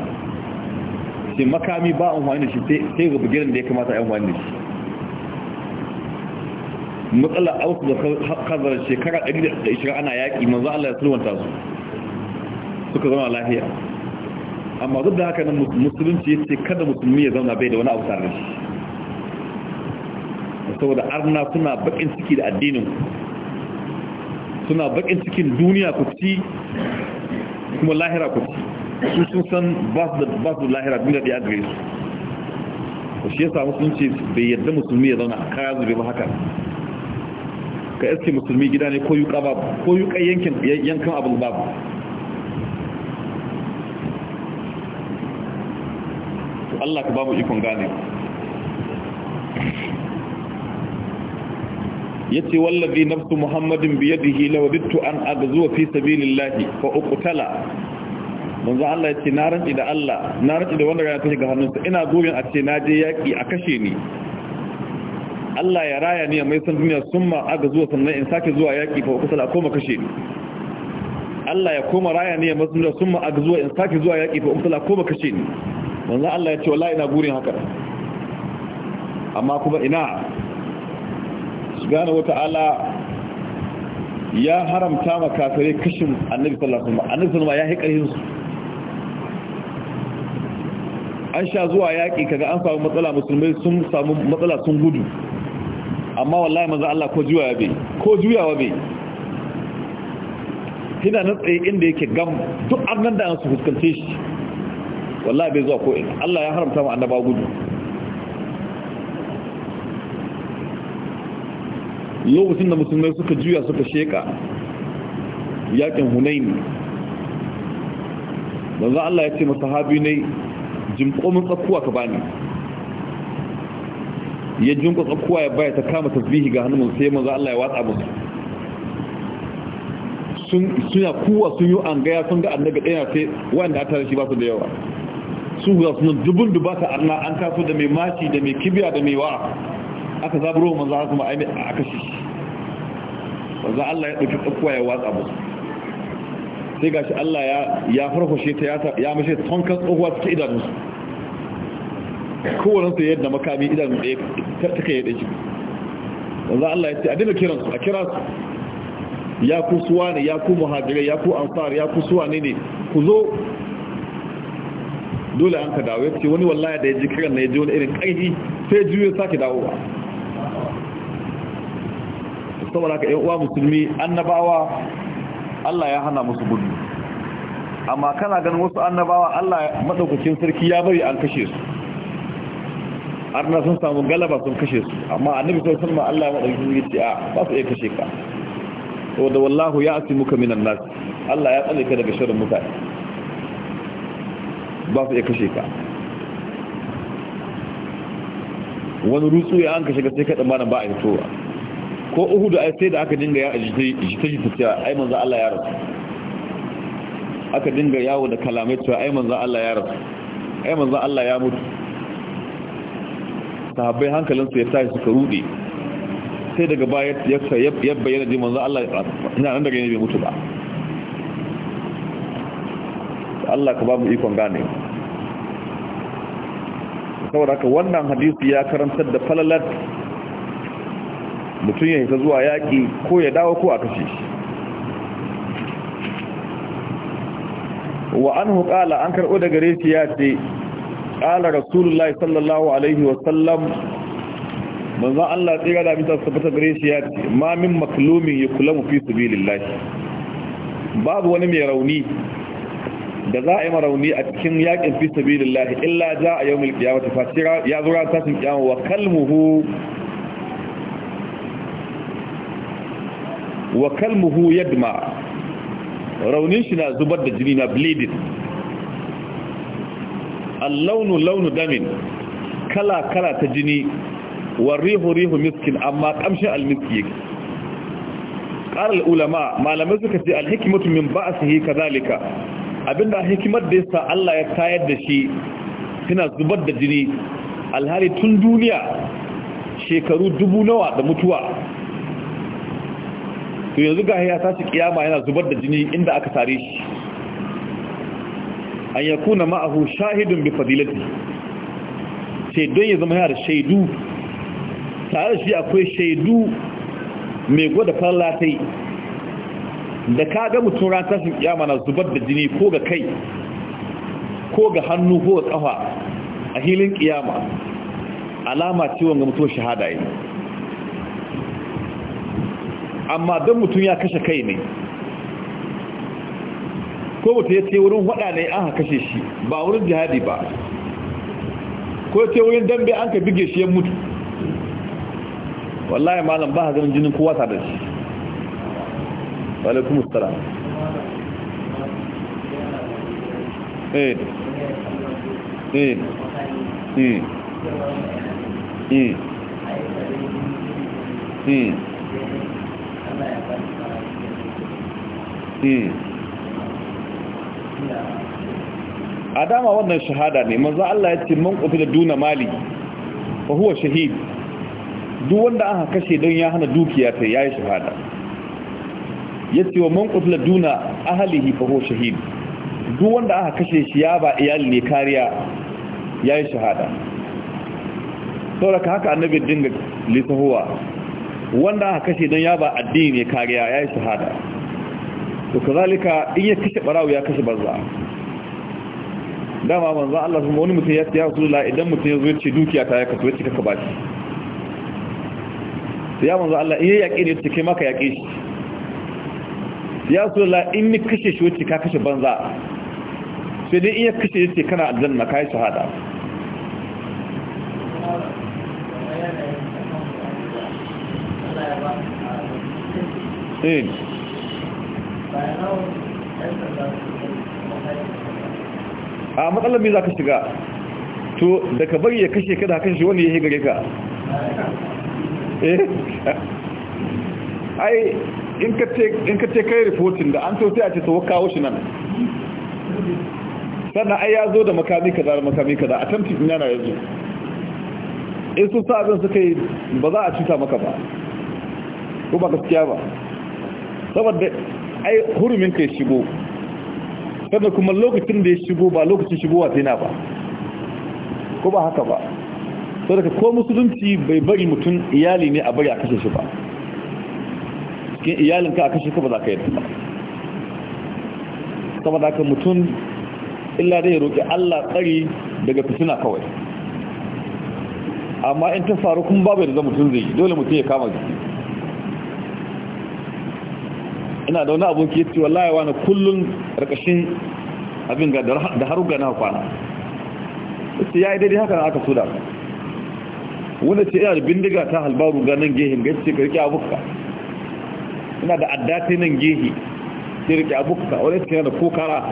shi makami ba amfani da shi sai ga bugirin da ya kamata a amfani da shi matsala auku da kazar shekara 120 ana yaƙi manzo Allah ya sulwanta su suka zama lafiya amma duk da haka nan musulunci ya ce kada musulmi ya zauna bai da wani abu tare da shi saboda arna suna bakin ciki da addinin suna bakin cikin duniya ku ci kuma lahira ku su sun san ba su lahira tun da ya gare su shi yasa ce bai yadda musulmi ya zauna a kaya zube ba haka ka iske musulmi gida ne ko yuka babu ko yuka yankin yankan abin babu Allah ka ba mu ikon gane yace wallazi nafsu muhammadin bi yadihi law bittu an aghzuwa fi sabilillahi fa uqtala manzo Allah yace na rantsi da Allah na rantsi da wanda ya kashe ga hannunsa ina gobin a ce na je yaki a kashe ni Allah ya raya ni a mai san duniya summa aga zuwa sannan in sake zuwa yaki fa uqtala ma kashe ni Allah ya koma raya ni a mai san duniya summa aga zuwa in sake zuwa yaki fa uqtala ma kashe ni manzo Allah yace wallahi ina gurin haka amma kuma ina subhanahu wata'ala ya haramta ma kafirai kashin annabi sallallahu alaihi wasallam annabi ya ya hikarin su an sha zuwa yaƙi kaga an samu matsala musulmai sun samu matsala sun gudu amma wallahi manzo Allah ko juyawa bai ko juyawa bai kina na tsaye inda yake gam duk annan da an su fuskance shi wallahi bai zuwa ko ina Allah ya haramta ma annaba gudu lokacin da musulmai suka juya suka sheka yakin hunaini banzan Allah ya ce habi ne jimkomin tsakkuwa ka bani ya jimkomin tsakkuwa ya baya ta kama tasbihi ga hannun sai manzan Allah ya watsa musu sun suna kuwa sun yi an gaya sun ga annabi ɗaya sai wanda aka shi ba su da yawa sun ga suna dubun dubata Allah an kaso da mai maci da mai kibiya da mai wa aka zaburo manzo Allah kuma a kashe shi manzo Allah ya ɗauki tsakuwa ya watsa musu sai gashi Allah ya ya farfashe ta ya mashi tonkan tsohuwa suke idanunsu su su yadda makami idanun ɗaya ta kai yadda shi manzo Allah ya ce a dinga kiransu a kira su ya ku suwa ne ya ku muhajirai ya ku ansar ya ku suwa ne ne ku zo dole an ka dawo ya ce wani wallaya da ya ji kiran na ya ji wani irin ƙarfi sai juyo sake dawowa saboda ka yan uwa musulmi annabawa Allah ya hana musu gudu amma kana ganin wasu annabawa Allah madaukakin sarki ya bari an kashe su arna sun samu galaba sun kashe su amma annabi sai sallama Allah ya madaukakin sarki a ba su iya kashe ka saboda wallahu ya muka minan nas Allah ya tsare ka daga sharrin mutane ba su iya kashe ka wani rutsu ya an kashe ka sai ka tsammanin ba a fitowa ko Uhu da sai da aka dinga ya jita ta cewa ai manzo Allah ya rasu aka dinga yawo da kalamai cewa ai manzo Allah ya rasu ai manzo Allah ya mutu sahabbai su ya tashi suka rudi sai daga baya ya bayyana ji manzo Allah ina nan daga ne bai mutu ba Allah ka ba mu ikon gane saboda haka wannan hadisi ya karantar da falalat mutum ya hita zuwa yaƙi ko ya dawo ko a kashe shi wa an hukala an karɓo da gare shi ya ce ƙala rasulullah sallallahu alaihi wasallam manzan Allah tsira da mita su fata gare shi ya ce mamin min ya kula mu fi su babu wani mai rauni da za a yi marauni a cikin yaƙin fi lillahi illa ja a yau ya wata fasira ya zura tashin kyawun wa kalmuhu wa kalmuhu yadma raunin shi na zubar da jini na bleeding allaunu launu damin kala kala ta jini wa rihu rihu miskin amma kamshin almiski yake qala alulama malamai suka ce alhikimatu min ba'sihi kadhalika abinda hikimar da yasa Allah ya tayar da shi suna zubar da jini alhali tun duniya shekaru dubu nawa da mutuwa to yanzu ga ya tashi kiyama yana zubar da jini inda aka sare shi an kuna ma'ahu shahidun bi fadilati sai don ya zama yana da shaidu tare shi akwai shaidu mai gwada farlatai da ka ga mutum ran tashin kiyama na zubar da jini ko ga kai ko ga hannu ko ga kafa a hilin kiyama alama ciwon ga mutum shahada yi amma don mutum ya kashe kai ne ko mutum ya ce wurin waɗa ne an kashe shi ba wurin jihadi ba ko ce wurin dambe an ka bige shi ya mutu wallahi malam ba ganin jinin kowa ta da shi walaikumus salam eh eh eh eh, eh. a dama wannan shahada ne manzo Allah ya ce man qutila duna mali fa huwa shahid duk wanda aka kashe don ya hana dukiya ta yayi shahada yace wa man qutila duna ahlihi fa huwa shahid duk wanda aka kashe shi ya ba iyali ne kariya yayi shahada saboda haka annabi dinga huwa wanda aka kashe don ya ba addini ne kariya yayi shahada to kazalika in ya kashe barawu ya kashe banza dama banza Allah kuma wani mutum ya ce ya Rasulullah idan mutum ya zo ce dukiya ta ya kaso ya cika ka bashi ya banza Allah in ya yaƙi ne cike maka yaƙe shi ya Rasulullah in ni kashe shi wacce ka kashe banza sai dai in ya kashe yace kana aljanna kai shahada eh a matsalar me za ka shiga to da ka bari ya kashe kada hakan shi wani ya yi gare ka eh ai in ka ce kai reporting da an to sai a ce sau kawo shi nan sannan ai ya zo da makami kaza da makami kaza a tamfi yana yanzu in sun sa abin suka yi ba za a cuta maka ba ko ba gaskiya ba saboda ai hurumin ka ya shigo sannan kuma lokacin da ya shigo ba lokacin shigowa sai ba ko ba haka ba sau daga ko musulunci bai bari mutum iyali ne a bari a kashe shi ba cikin iyalinka a kashe ka ba za ka yi ba saboda ka mutum illa dai ya roƙi Allah tsari daga fitina kawai amma in ta faru kuma babu yadda mutum zai yi dole mutum ya kama jiki ina da wani abokin yace wallahi wani kullun karkashin abin ga da har na kwana sai ya daidai haka aka so da wanda ce ina da bindiga ta halbaru ga nan gehin gace ka rike abuka ina da addati nan gehi sai rike abuka wanda ce da kokara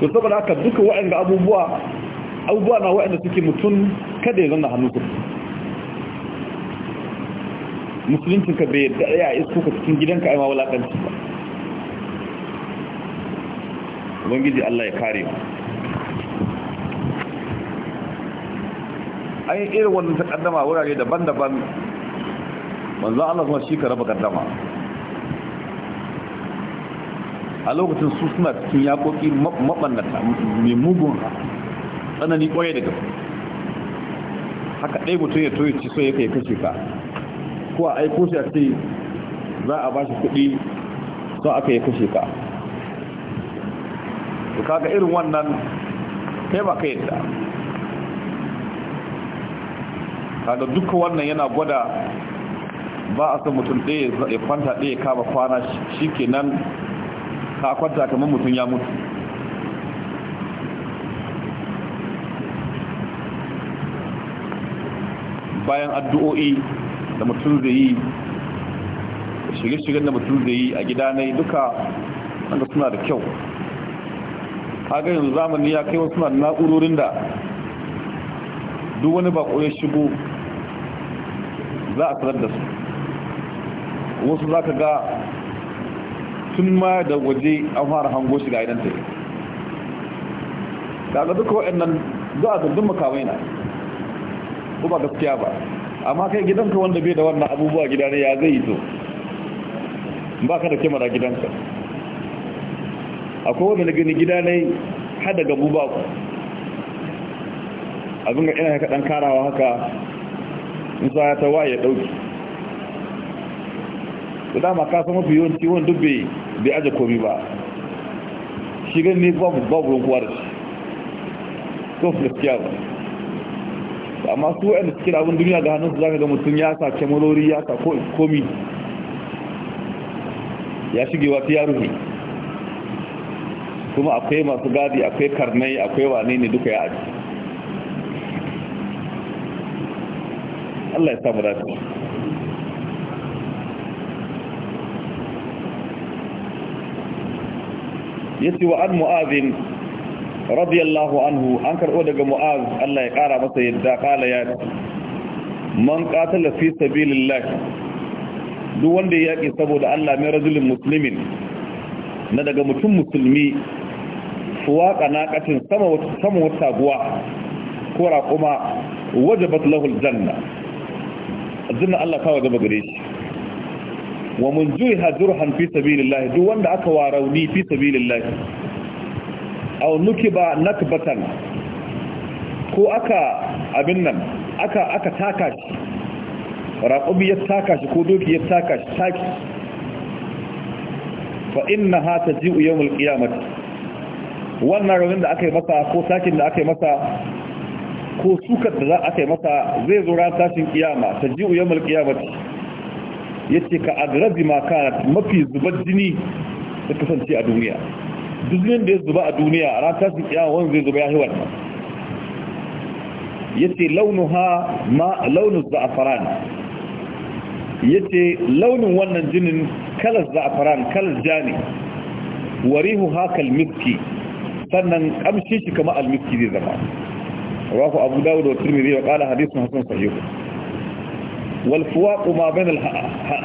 to saboda haka duka waɗanda abubuwa abubuwa na waɗanda suke mutum kada ya zanna hannu su musuluncin ka bai yadda ya isko ka cikin gidanka ai ma wulakanci ubangiji Allah ya kare mu an yi irin wannan takaddama wurare daban-daban manzo Allah kuma shi ka raba kaddama a lokacin su suna cikin yakoki mabannata mai mugun tsanani kwaye daga haka ɗaya mutum ya toye ci so ya kai kashe ka ko a aiko shi a ce za a ba shi kuɗi sun aka yi kushe ka kaga irin wannan kai ba ka yadda kaga duka wannan yana gwada ba a san mutum ɗaya ya kwanta ɗaya kama kwana shi ke nan ka kwanta kamar mutum ya mutu bayan addu'o'i da mutum zai yi shirye-shiryen da mutum zai yi a gida ne duka wanda suna da kyau kaga yanzu zamani ya kai wasu na na'urorin da duk wani bako ya shigo za a sanar da su wasu za ka ga tun ma da waje an fara hango shiga idan ta yi ga duka waɗannan za a zargin makawai na ba gaskiya ba amma kai gidanka wanda bai da wannan abubuwa gida ne ya zai yi to ba ka da kyamara gidanka akwai wanda na gani gida ne har daga buba ku abin ga ina haka dan karawa haka in za ta waye ya dauki da ma ka san mafi yawanci wani duk bai aje komi ba shi gani babu babu ruwan kuwa da shi ko gaskiya amma su wa'anda suke da abin duniya ga hannun su zaka ga mutum ya sa malori ya sa komi ya shige wata ya ruhi kuma akwai masu gadi akwai karnai akwai wane ne duka ya aji Allah ya samu dace yace wa an mu'adhin radiyallahu anhu an karɓo daga mu'az Allah ya ƙara masa yadda ƙala ya ce man qatala fi sabilillah duk wanda ya yaƙi saboda Allah mai rajulin musulmin na daga mutum musulmi fuwaqa naqatin sama wata sama wata taguwa ko waje wajabat lahu janna. aljanna Allah ta wajaba gare shi wa mun juriha jurhan fi sabilillah duk wanda aka wa rauni fi sabilillah au nukiba nakbatan ko aka abin nan aka aka taka shi raqubi ya taka shi ko doki ya taka shi taki fa ha taji'u yawm al-qiyamah wannan rawin da aka yi masa ko takin da aka yi masa ko sukar da za a kai masa zai zo ran tashin kiyama ta ji uyan malkiyamati ya ce ka adrazi ma kanat mafi zubar jini da kasance a duniya duk da ya zuba a duniya a ranar tasiri kiyama wani zai zuba ya yi wannan ya ce ha ma launin za'afaran ya ce launin wannan jinin kalar za'afaran kalas ja ne warihu hakal miski sannan kamshin shi kama almiski zai zama rafu abu dawud wa tirmidhi wa qala hadithun hasan sahih wal fuwaqu ma bayna al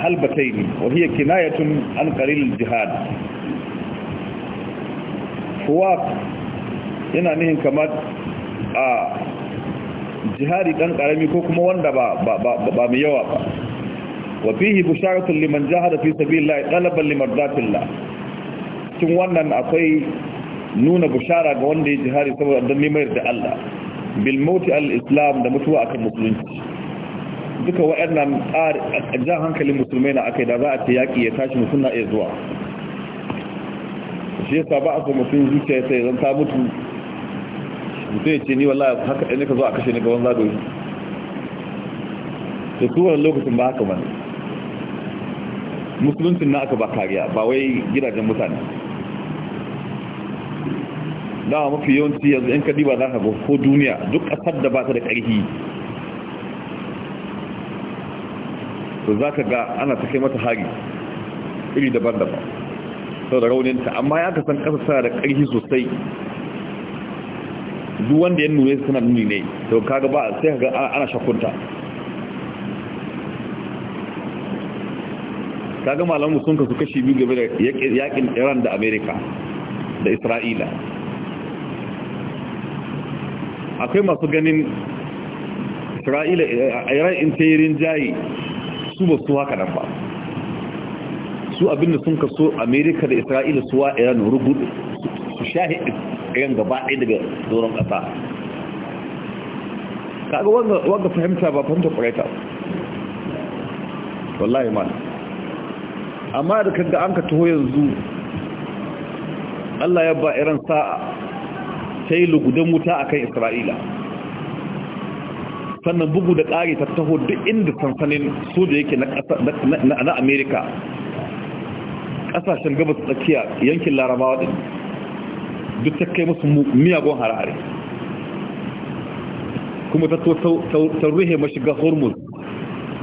halbatayn wa hiya kinayatun an qalil al aswaq yana nihin kamar a jihari ɗan ƙarami ko kuma wanda ba ba mai yawa ba wa fihi busharatun liman da fi liman zafin la cikin wannan akwai nuna bushara ga wanda ya jihari saboda don neman da Allah bilmoti al islam da mutuwa akan musulunci duka waɗannan a jan hankalin musulmai na yi da za a ce yaƙi ya tashi musulna iya zuwa shi yasa ba a so mutum zuciya sai zan ta mutu mutum ya ce ni wallahi haka ɗaya ka zo a kashe ni gaban zagoyi da su wani lokacin ba haka wani musuluncin na aka ba kariya ba wai gidajen mutane dama mafi yawanci yanzu in ba za ka ko duniya duk ƙasar da ba ta da ƙarfi to za ka ga ana ta kai mata hari iri daban-daban sau da rauninta amma ya kasan ƙasa suna da ƙarfi sosai duk wanda ya nune suna nuni ne to kaga ba sai kaga ana shakunta kaga malamu sun kasu kashi biyu game da yakin iran da amerika da isra'ila akwai masu ganin isra'ila eh, iran in ta jayi su ba su haka nan ba su abin da sun kaso amerika da isra'ila suwa iran rubutu su shahi iran gaba ɗaya daga doron ƙasa kaga wanda fahimta ba fahimta ƙwarata wallahi ma amma da kaga an ka taho yanzu allah ya ba iran sa'a ta yi lugudan wuta a kan isra'ila sannan bugu da ƙari ta taho duk inda sansanin soja yake na amerika kasashen gabas tsakiya yankin larabawa din duk ta kai musu miyagun harare kuma ta to ma shiga mashiga hormuz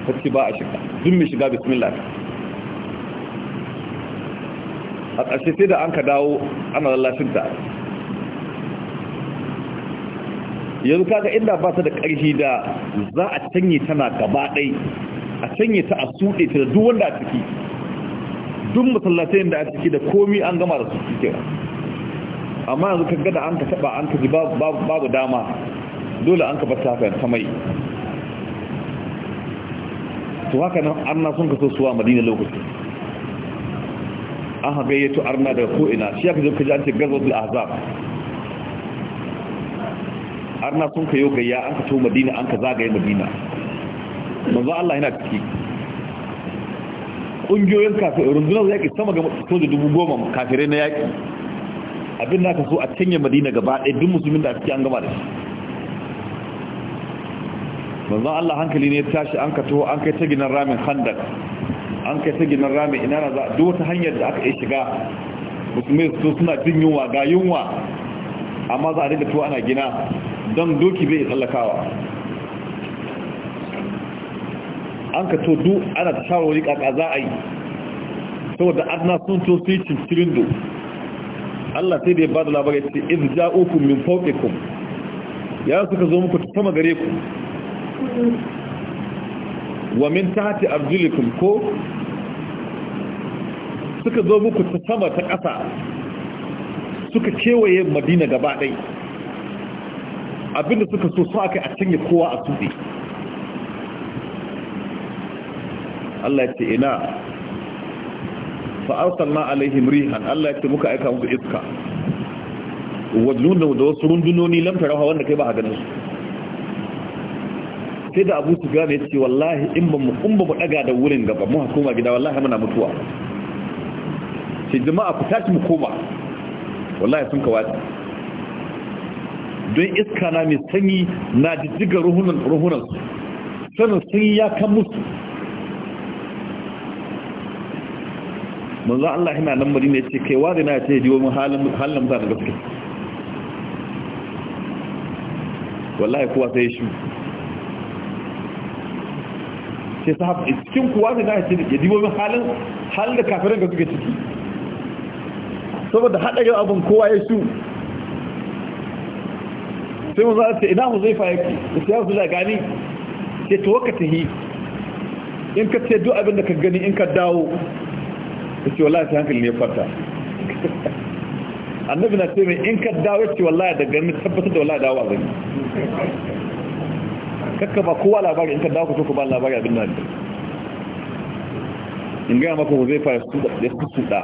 ta ce ba a shiga duk mai shiga bismillah a ƙarshe sai da an ka dawo ana lallashin ta yanzu kaga inda ba ta da ƙarfi da za a canye tana gaba ɗai a canye ta a suɗe ta da duk wanda a ciki duk masallatai da a ciki da komi an gama da su suke amma yanzu ka gada an ka taba an ka ji babu dama dole an ka bata haka ta mai to haka nan arna sun ka so suwa madina lokaci an haka yato arna daga ko'ina shi ya ka zo ka ji an ce gazzotul azab arna sun ka yau gayya an ka to madina an ka zagaye madina manzo Allah yana ciki ƙungiyoyin kafin rundunar yaƙi sama ga da dubu goma kafirai na yaƙi abin da aka so a canye madina gaba ɗaya duk musulmin da suke an gama da shi manzan Allah hankali ne ya tashi an ka taho an kai ta ginin ramin handak an kai ta ginin ramin ina na za a duk wata hanyar da aka yi shiga musulmai su suna jin yunwa ga yunwa amma za a rika ana gina don doki bai tsallakawa an ka to du ana ta shawarwari kaka za a yi saboda adna sun to su yi cincirin do Allah sai da ya ba da labarai ce in za uku min fawqikum ya suka zo muku sama gare ku wa min tahti arjulikum ko suka zo muku ta sama ta ƙasa suka kewaye madina gaba ɗaya. abinda suka so su aka a cinye kowa a tuɗe Allah ya ce ina fa arsalna alaihim rihan Allah ya ce muka aika muku iska wajnunu da wasu rundunoni lam tarawa wanda kai ba a ganin su sai da Abu su gane ce wallahi in ba mu kun ba mu daga da wurin gaba mu koma gida wallahi muna mutuwa sai jama'a ku tashi mu koma wallahi sun kawata don iska na mai sanyi na jijjiga ruhunan ruhunan sanin sun ya kan musu manzo Allah yana nan madina yace kai wa zina yace jiwo mu halin halin da da gaske wallahi kuwa sai shi sai sahab cikin kuwa zina yace ya jiwo mu halin halin da kafirin da suke ciki saboda hada yau abun kowa ya su sai manzo Allah ce ina mu zai fa yake sai ya zuwa gani sai to wakati in ka ce duk abin da ka gani in ka dawo ta ce wallahi ta hankali ne farta annabi na ce mai in ka dawo ce wallahi da gani tabbatar da wallahi dawo a gani kakka ba kowa labari in ka dawo ka so ba labari abin nan in gaya maka zai fara su da ya su da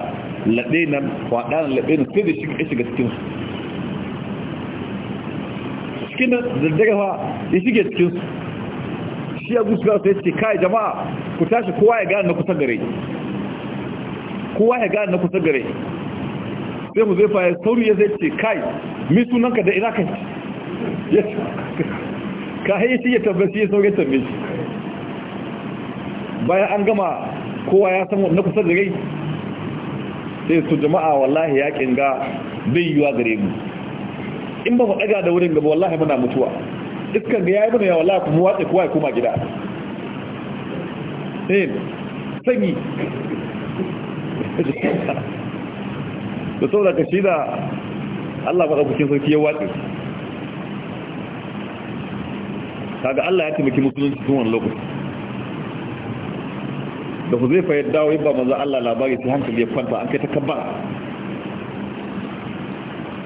laɗe nan kwaɗa na laɗe na sai da shi ya shiga cikin cikin da daga fa ya shiga cikin shi ya gusu sai ce kai jama'a ku tashi kowa ya gane na kusa gare kowa ya gane na kusa gare sai mu zai ya sauri ya zai ce kai mi sunanka da ina ka ka haye shi ya tabbaci ya saurin tambaye shi bayan an gama kowa ya san na kusa gare sai su jama'a wallahi ya kinga bai yiwa gare mu in ba mu da wurin gaba wallahi muna mutuwa iskan ga yi mana ya wallahi kuma watsa kowa ya koma gida Sani. sanyi da sau da kashi da Allah ba abokin sarki ya watsi kaga Allah ya taimaki musulunci tun wani lokaci da ku zai fayar dawo ba maza Allah labari sai hankali ya kwanta an kai ta kabba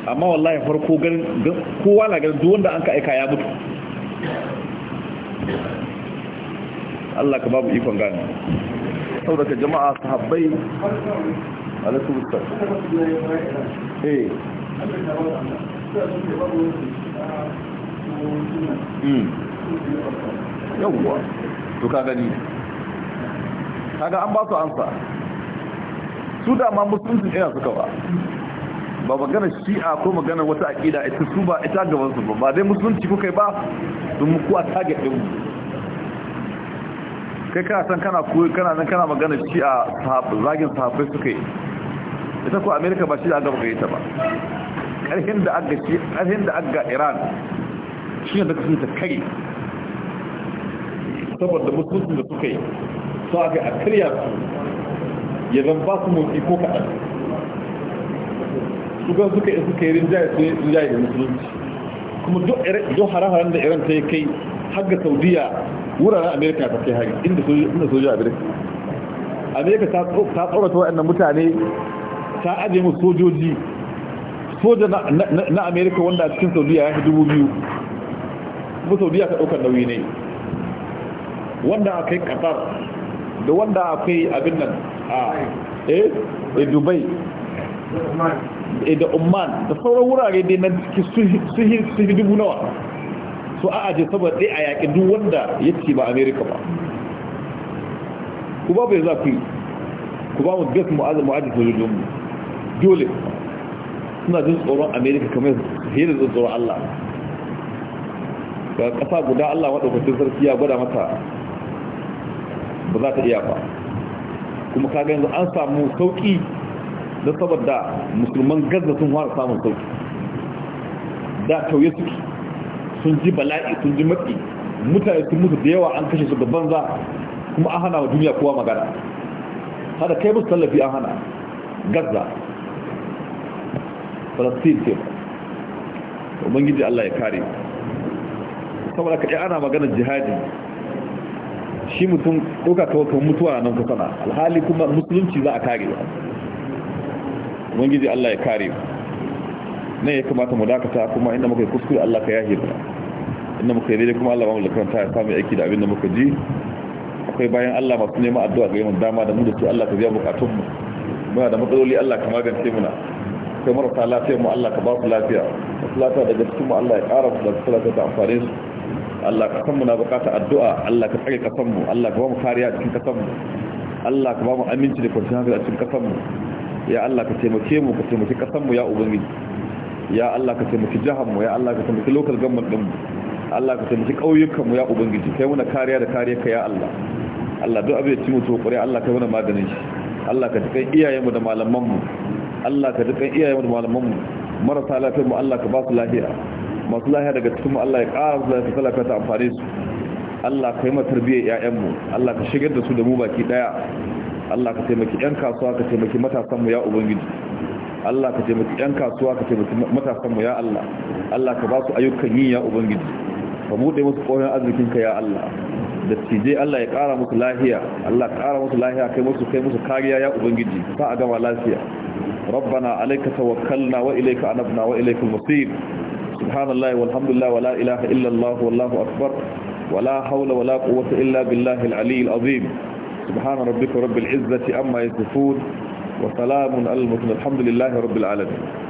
amma wallahi farko ganin kowa na ganin duk wanda an ka aika ya mutu Allah ka babu ikon gani Daga jama'a sahabbai alaikum assalam eh hmm. yawwa to ka gani kaga an ba su ansa su dama musulunci ina suka ba ba magana shi'a ko magana wata aƙida ita su ba ita gabansu ba ba dai musulunci kuka yi ba don muku a target ɗin kai kana san kana koyi kana nan kana magana shi a zagin sahabbai suka yi ita ko america ba shi da aka baka ta ba ƙarfin da aka shi da aka iran shi ne da kasu ta kai saboda musulunci da suka yi su aka a kariya su ya zan ba su motsi ko kaɗan su gan suka yi suka yi rinjaye su rinjaye da musulunci kuma duk hare-haren da iran ta yi kai har ga saudiya wuraren amerika ta kai hari inda sojoji amerika amerika ta tsorata waɗannan mutane ta ajiye mu sojoji soja na amerika wanda a cikin saudiya ya fi dubu biyu kuma saudiya ta ɗaukar nauyi ne wanda a kai qatar da wanda a kai abin nan a eh, eh dubai eh, da umman da sauran wurare dai na cikin suhi dubu nawa su a aje saboda dai a yaƙi duk wanda ya ce ba amerika ba ku ba bai za ku yi ku ba mu best mu'ajin sojojin mu dole suna jin tsoron amerika kamar fiye da jin tsoron allah ga ƙasa guda allah maɗaukacin sarki ya gwada mata ba za ta iya ba kuma kaga yanzu an samu sauƙi na saboda musulman gaza sun fara samun sauƙi da tauye suke sun ji bala'i sun ji matsi mutane sun mutu da yawa an kashe su da banza kuma an hana wa duniya kowa magana hada kai musu tallafi an hana gaza falastin ce ubangiji allah ya kare saboda ka ana maganar jihadi shi mutum ɗauka kan mutuwa nan ku na alhali kuma musulunci za a kare ba ubangiji allah ya kare ne ya kamata mu dakata kuma inda muka yi kuskure allah ka yahe ba inda muka yi kuma Allah ba mu samu aiki da abin da muka ji akwai bayan Allah masu neman addu'a ga yawan dama da mu da su Allah ka biya bukatun mu muna da matsaloli Allah ka magance muna kai marasa mu Allah ka ba su lafiya wasu lafiya daga cikin mu Allah ya da su lafiya ta su Allah ka san mu na bukatar addu'a Allah ka tsare kasan mu Allah ka ba mu kariya cikin kasan mu Allah ka ba mu aminci da kwanciyar hankali a cikin kasan mu ya Allah ka taimake mu ka taimaki kasan mu ya ubangiji ya Allah ka taimaki jihar mu ya Allah ka taimaki local government din mu Allah ka tsanci ƙauyukanmu ya ubangiji kai muna kariya da kariya ka ya Allah Allah duk abin da ci mutu ƙuri Allah kai muna maganin shi Allah ka tukan iyayenmu da malamanmu Allah ka tukan iyayenmu da malamanmu marasa lafiyarmu Allah ka ba su lafiya masu lafiya daga cikinmu Allah ya ƙara su lafiya talaka ta amfani su Allah ka yi ma tarbiyyar ƴaƴanmu Allah ka shigar da su da mu baki ɗaya Allah ka taimaki ƴan kasuwa ka taimaki matasanmu ya ubangiji Allah ka taimaki ƴan kasuwa ka taimaki matasanmu ya Allah Allah ka ba su ayyukan yi ya ubangiji ka buɗe musu ƙoyon arzikinka ya Allah da cije Allah ya kara musu lahiya Allah kara musu lahiya kai musu kai musu kariya ya ubangiji sa a gama lafiya rabbana alayka tawakkalna wa ilayka anabna wa ilayka al-masir subhanallahi walhamdulillah wala ilaha illa Allah wallahu akbar wala hawla wala quwwata illa billahi al azim subhana rabbika rabbil izzati amma yasifun wa salamun al-mursalin alhamdulillahi rabbil alamin